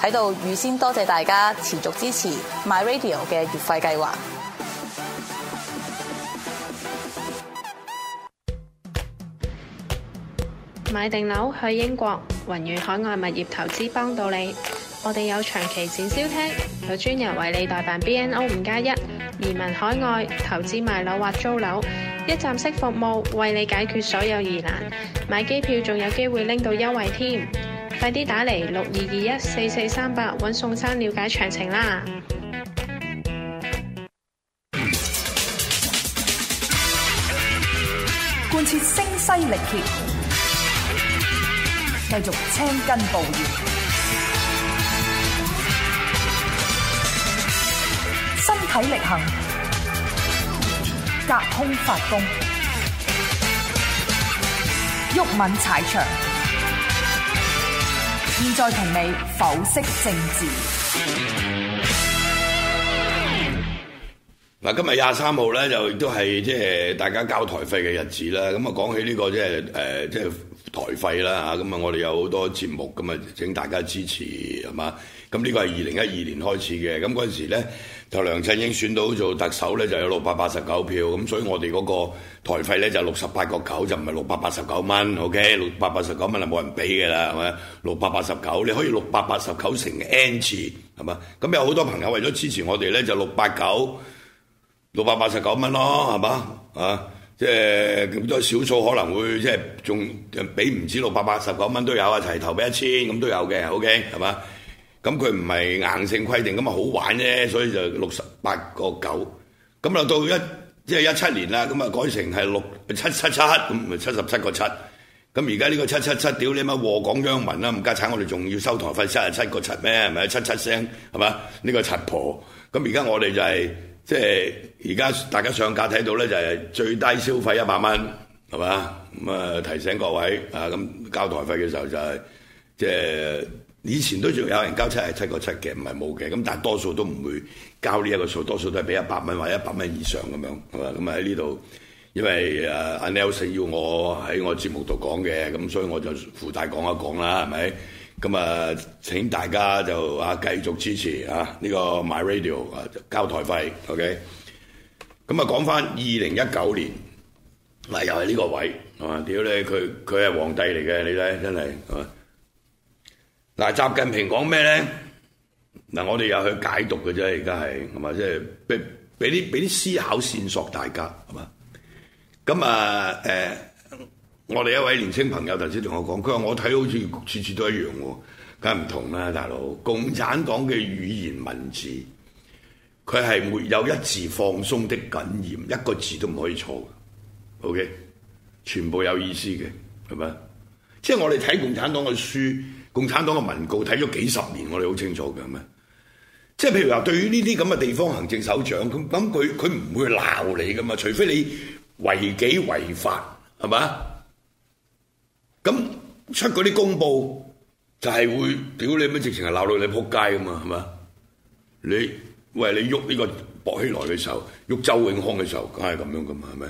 喺度預先多謝大家持續支持 My Radio 嘅月費計劃。買定樓去英國，宏遠海外物業投資幫到你。我哋有長期展銷廳，有專人為你代辦 BNO 五加一移民海外投資買樓或租樓，一站式服務為你解決所有疑難。買機票仲有機會拎到優惠添。快啲打嚟六二二一四四三八，搵宋生了解詳情啦！貫徹聲嘶力竭，繼續青筋暴現，身體力行，隔空發功，毓民踩場。現在同你剖析政治。嗱，今日廿三號咧，就亦都係即係大家交台費嘅日子啦。咁啊，講起呢個即係誒，即係台費啦嚇。咁啊，我哋有好多節目咁啊，請大家支持係嘛。咁呢個係二零一二年開始嘅。咁嗰陣時咧。就梁振英選到做特首咧，就有六百八十九票咁，所以我哋嗰個台費咧就六十八個九，就唔係六百八十九蚊。OK，六百八十九蚊就冇人俾嘅啦，係咪？六百八十九，你可以六百八十九乘 N 次，係嘛？咁有好多朋友為咗支持我哋咧，就六百九、六百八十九蚊咯，係嘛？啊，即係咁多少數可能會即係仲俾唔止六百八十九蚊都有啊，齊頭俾一千咁都有嘅。OK，係嘛？咁佢唔係硬性規定，咁啊好玩啫，所以就六十八個九。咁落到一即係一七年啦，咁啊改成係六七七七，咁咪七十七個七。咁而家呢個七七七，屌你咪禍港殃民啦、啊！唔加產，我哋仲要收台費七十七個七咩？係咪七七聲係嘛？呢個七婆。咁而家我哋就係即係而家大家上架睇到咧，就係最低消費一百蚊係嘛？咁啊提醒各位啊，咁交台費嘅時候就係即係。就係以前都仲有人交七係七個七嘅，唔係冇嘅。咁但係多數都唔會交呢一個數，多數都係俾一百蚊或者一百蚊以上咁樣，係、嗯、嘛？咁啊喺呢度，因為誒 Nelson 要我喺我節目度講嘅，咁所以我就附帶講一講啦，係咪？咁、嗯、啊，請大家就啊繼續支持啊呢、這個 My Radio 啊交台費，OK、嗯。咁啊，講翻二零一九年，嗱又係呢個位，係、啊、嘛？屌你，佢佢係皇帝嚟嘅，你睇真係係嘛？啊嗱，習近平講咩咧？嗱，我哋又去解讀嘅啫，而家係係嘛，即係俾俾啲俾啲思考線索大家係嘛。咁啊、呃、我哋一位年青朋友頭先同我講，佢話我睇好似次次都一樣喎，梗係唔同啦，大佬。共產黨嘅語言文字，佢係沒有一字放鬆的緊嚴，一個字都唔可以錯嘅。OK，全部有意思嘅係嘛？即係我哋睇共產黨嘅書，共產黨嘅文告睇咗幾十年，我哋好清楚㗎。係咪？即係譬如話，對於呢啲咁嘅地方行政首長，咁咁佢佢唔會鬧你噶嘛？除非你違紀違法，係咪？咁出嗰啲公布就係、係、會屌你乜，直情係鬧到你仆街噶嘛？係咪？你喂你喐呢個薄熙來嘅時候，喐周永康嘅時候，梗係咁樣噶嘛？係咪？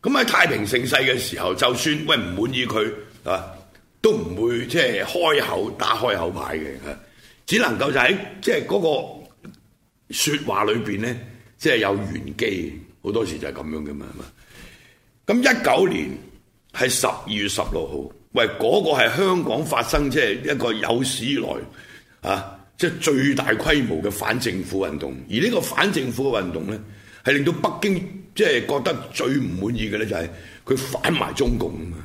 咁喺太平盛世嘅時候，就算喂唔滿意佢。啊，都唔會即係開口打開口牌嘅，只能夠就喺即係嗰個説話裏邊咧，即係有玄機。好多時就係咁樣嘅嘛。咁一九年係十二月十六號，喂嗰個係香港發生即係一個有史以來啊，即係最大規模嘅反政府運動。而呢個反政府嘅運動咧，係令到北京即係覺得最唔滿意嘅咧，就係佢反埋中共啊。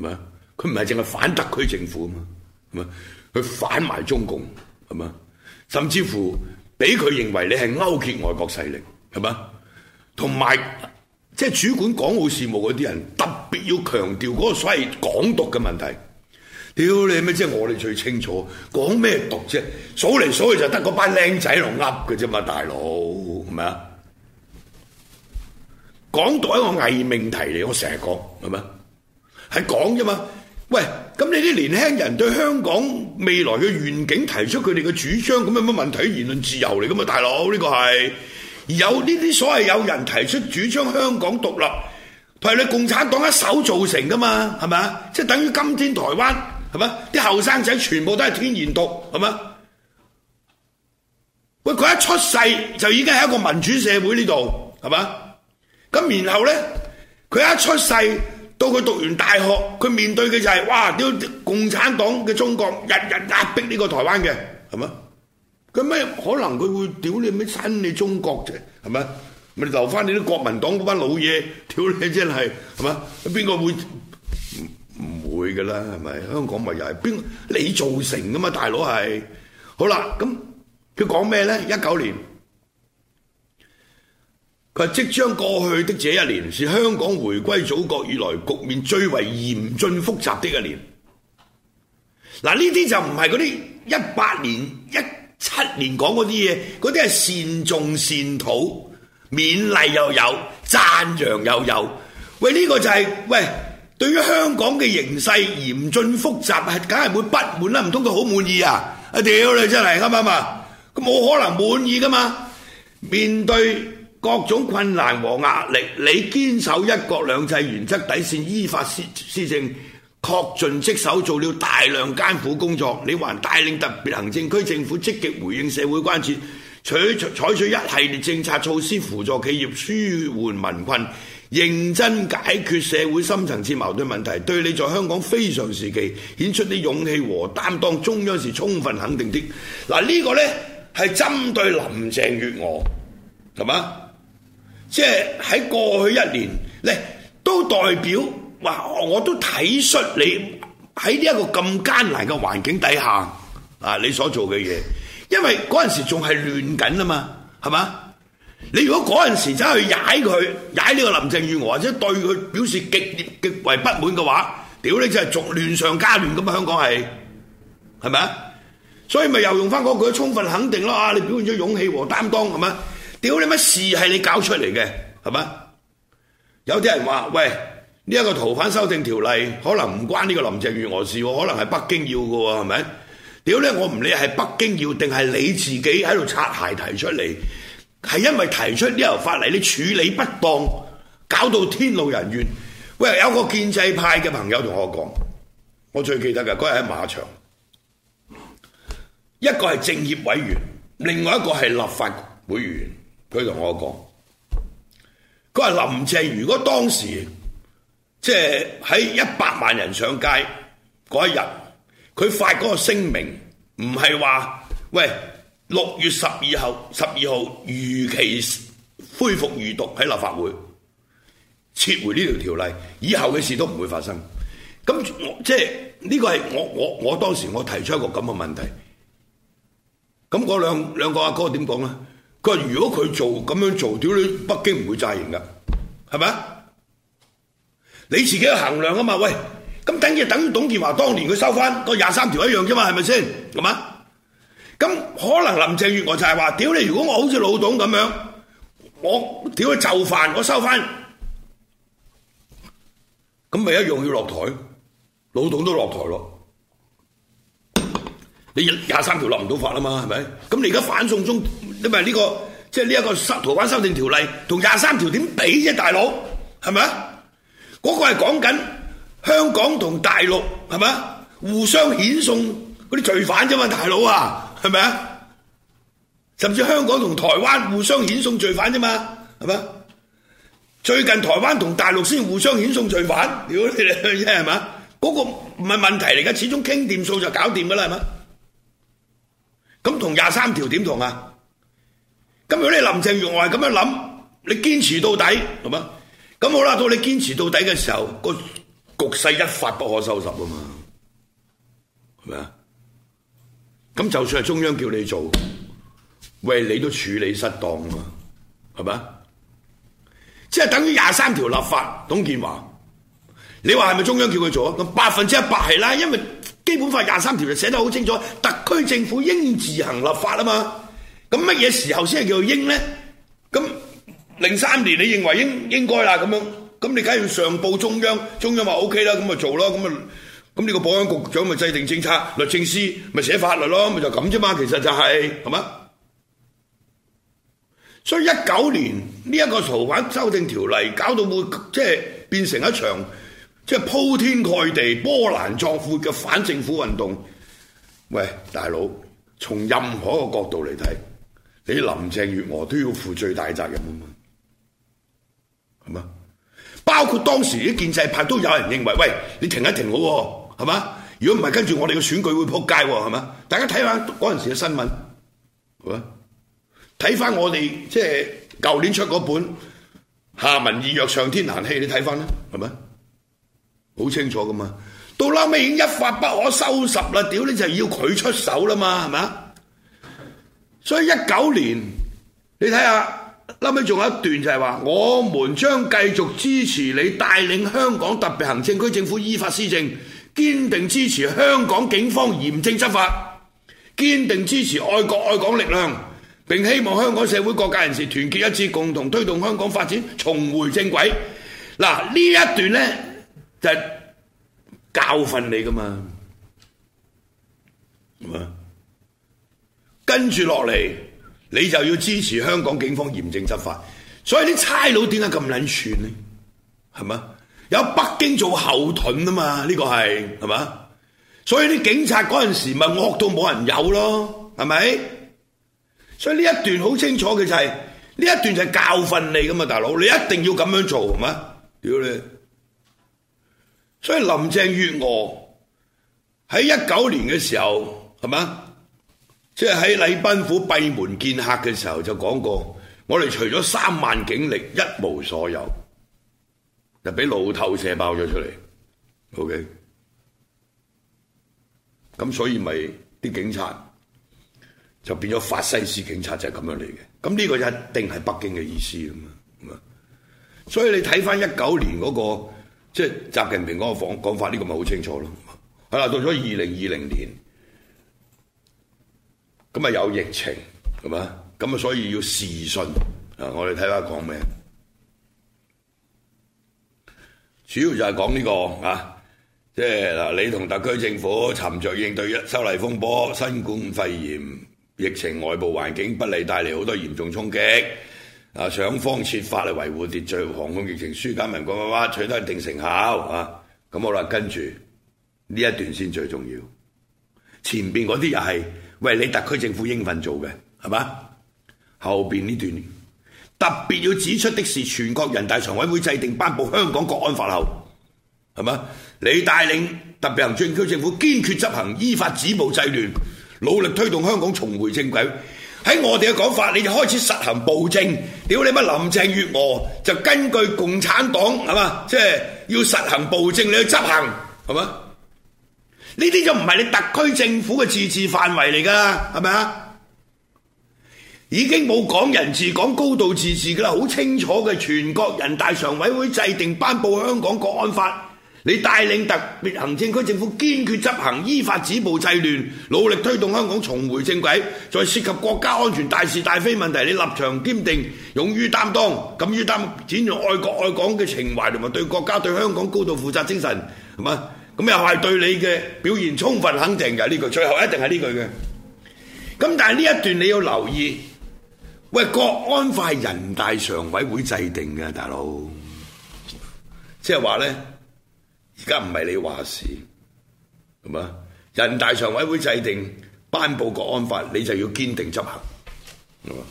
係嘛？佢唔係淨係反特區政府啊嘛，係嘛？佢反埋中共，係嘛？甚至乎俾佢認為你係勾結外國勢力，係嘛？同埋即係主管港澳事務嗰啲人，特別要強調嗰個所謂港獨嘅問題。屌你咩？即係我哋最清楚講咩獨啫？數嚟數去就得嗰班靚仔咯噏嘅啫嘛，大佬係咪啊？港獨係一個僞命題嚟，我成日講，係嘛？係講啫嘛，喂，咁你啲年輕人對香港未來嘅願景，提出佢哋嘅主張，咁有乜問題？言論自由嚟噶嘛，大佬，呢個係有呢啲所謂有人提出主張香港獨立，係你共產黨一手造成噶嘛，係咪？即係等於今天台灣，係咪？啲後生仔全部都係天然獨，係咪？喂，佢一出世就已經係一個民主社會呢度，係咪？咁然後咧，佢一出世。到佢讀完大學，佢面對嘅就係哇屌！共產黨嘅中國日日壓迫呢個台灣嘅，係咪？佢咩可能佢會屌你咩？親你中國啫，係咪？咪留返你啲國民黨嗰班老嘢屌你真係，係咪？邊個會唔，唔會㗎啦，係咪？香港咪又係邊個你造成㗎嘛，大佬，係好啦，咁佢講咩咧，一九年。即將過去的這一年，是香港回歸祖國以來局面最為嚴峻複雜的一年。嗱，呢啲就唔係嗰啲一八年、一七年講嗰啲嘢，嗰啲係善種善土，勉勵又有讚揚又有。喂，呢個就係喂，對於香港嘅形勢嚴峻複雜，係梗係會不滿啦，唔通佢好滿意啊？啊，屌你真係，啱唔啱？佢冇可能滿意㗎嘛，面對。各種困難和壓力，你堅守一國兩制原則底線，依法施施政，確盡職守，做了大量艱苦工作。你還帶領特別行政區政府積極回應社會關注，取採取一系列政策措施輔助企業，舒緩民困，認真解決社會深層次矛盾問題。對你在香港非常時期顯出的勇氣和擔當，中央是充分肯定的。嗱，呢個呢，係針對林鄭月娥，係嘛？即係喺過去一年你都代表話，我都睇出你喺呢一個咁艱難嘅環境底下啊，你所做嘅嘢，因為嗰陣時仲係亂緊啊嘛，係嘛？你如果嗰陣時走去踩佢，踩呢個林鄭月娥，或者對佢表示極極為不滿嘅話，屌你真係仲亂上加亂咁啊！香港係，係咪啊？所以咪又用翻嗰句充分肯定咯啊！你表現咗勇氣和擔當係咪？屌你乜事係你搞出嚟嘅，係咪？有啲人話喂，呢、這、一個逃犯修正條例可能唔關呢個林鄭月娥事，可能係北京要嘅，係咪？屌咧，我唔理係北京要定係你自己喺度擦鞋提出嚟，係因為提出呢條法例你處理不當，搞到天怒人怨。喂，有個建制派嘅朋友同我講，我最記得嘅嗰日喺馬場，一個係政協委員，另外一個係立法會員。佢同我講，佢話林鄭如果當時即係喺一百萬人上街嗰一日，佢發嗰個聲明不是說，唔係話喂六月十二號，十二號如期恢復二讀喺立法會撤回呢條條例，以後嘅事都唔會發生。咁我即係呢個係我我我當時我提出一個咁嘅問題。咁嗰兩兩個阿哥點講咧？佢話如果佢做咁樣做，屌你北京唔會贊成噶，係咪你自己去衡量啊嘛。喂，咁等於等於董建華當年佢收翻個廿三條一樣啫嘛，係咪先？係嘛？咁可能林鄭月娥就係話：，屌你！如果我好似老董咁樣，我屌佢就犯，我收翻，咁咪一樣要落台，老董都落台咯。你廿三條落唔到法啊嘛，係咪？咁你而家反送中？你咪呢個即係呢一個台灣修訂條例同廿三條點比啫？大佬，係咪？嗰個係講緊香港同大陸，係咪？互相遣送嗰啲罪犯啫嘛，大佬啊，係咪啊？甚至香港同台灣互相遣送罪犯啫嘛，係咪？最近台灣同大陸先互相遣送罪犯，屌你兩嘢，係咪？嗰個唔係問題嚟㗎，始終傾掂數就搞掂㗎啦，係咪？咁同廿三條點同啊？咁如果你林鄭月娥係咁樣諗，你堅持到底，係嘛？咁好啦，到你堅持到底嘅時候，個局勢一發不可收拾啊嘛，係咪啊？咁就算係中央叫你做，喂，你都處理失當啊嘛，係咪啊？即係等於廿三條立法，董建華，你話係咪中央叫佢做啊？咁百分之一百係啦，因為基本法廿三條就寫得好清楚，特區政府應自行立法啊嘛。咁乜嘢時候先係叫做應呢？咁零三年你認為應應該啦，咁樣，咁你梗係要上報中央，中央咪 OK 啦，咁咪做咯，咁啊咁呢個保安局長咪制定政策，律政司咪寫法律咯，咪就咁啫嘛，其實就係，係嘛？所以一九年呢一個逃犯修正條例搞到會即係變成一場即係鋪天蓋地，波瀾壯闊嘅反政府運動。喂，大佬，從任何一個角度嚟睇。你林鄭月娥都要負最大責任啊嘛，係嘛？包括當時啲建制派都有人認為，喂，你停一停好，係咪？如果唔係，跟住我哋嘅選舉會撲街，喎，係咪？大家睇下嗰陣時嘅新聞，係咪？睇返我哋即係舊年出嗰本《下民易虐，上天難欺》，你睇返呢，係咪？好清楚噶嘛。到拉尾已經一發不可收拾啦，屌你就要佢出手啦嘛，係咪？」所以一九年，你睇下，後屘仲有一段就係話，我們將繼續支持你帶領香港特別行政區政府依法施政，堅定支持香港警方嚴正執法，堅定支持愛國愛港力量，並希望香港社會各界人士團結一致，共同推動香港發展重回正軌。嗱，呢一段咧就係教訓你噶嘛，係嘛？跟住落嚟，你就要支持香港警方嚴正執法。所以啲差佬點解咁撚串？呢係嘛？有北京做後盾啊嘛？呢個係係嘛？所以啲警察嗰陣時咪惡到冇人有咯？係咪？所以呢一段好清楚嘅就係、是、呢一段就係教訓你噶嘛，大佬，你一定要咁樣做係嘛？屌你！所以林鄭月娥喺一九年嘅時候係嘛？是即係喺禮賓府閉門見客嘅時候就講過，我哋除咗三萬警力一無所有，就俾路透社爆咗出嚟。OK，咁所以咪啲警察就變咗法西斯警察，就係、是、咁樣嚟嘅。咁呢個一定係北京嘅意思嘛。所以你睇翻一九年嗰、那個即係、就是、習近平嗰個講法，呢個咪好清楚咯。係啦，到咗二零二零年。咁啊有疫情係嘛？咁啊所以要時訊我哋睇下講咩，主要就係講呢個啊，即係嗱，你同特區政府沉著應對一修例風波、新冠肺炎疫情外部環境不利，帶嚟好多嚴重衝擊、啊、想方設法嚟維護秩序、防控疫情、疏解民困，哇！取得一定成效啊！咁好喇，跟住呢一段先最重要，前面嗰啲又係。喂，你特區政府應份做嘅係嘛？後面呢段特別要指出的是，全國人大常委會制定、頒布香港國安法後，係嘛？你帶領特別行政區政府堅決執行，依法止暴制亂，努力推動香港重回正軌。喺我哋嘅講法，你就開始實行暴政。屌你乜，林鄭月娥就根據共產黨係嘛？即係、就是、要實行暴政，你去執行係嘛？是吧？呢啲就唔係你特區政府嘅自治範圍嚟㗎啦，係咪啊？已經冇港人治港、高度自治㗎啦，好清楚嘅。全國人大常委會制定、頒布《香港國安法》，你帶領特別行政區政府堅決執行，依法止暴制亂，努力推動香港重回正軌。再涉及國家安全大是大非問題，你立場堅定，勇於擔當，敢於擔，展現愛國愛港嘅情懷同埋對國家、對香港高度負責精神，係咪？咁又係對你嘅表現充分肯定嘅呢句，最後一定係呢句嘅。咁但係呢一段你要留意，喂，國安法係人大常委會制定嘅，大佬，即係話咧，而家唔係你話事，咁啊人大常委會制定、頒布國安法，你就要堅定執行，係嘛？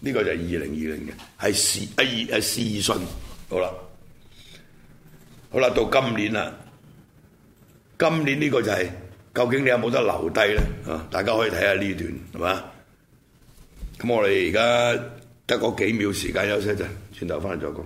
呢個就係二零二零嘅，係時啊時訊，好啦，好啦，到今年啦。今年呢個就係、是、究竟你有冇得留低咧？啊，大家可以睇下呢段係嘛？咁我哋而家得個幾秒時間休息一陣，轉頭返嚟再講。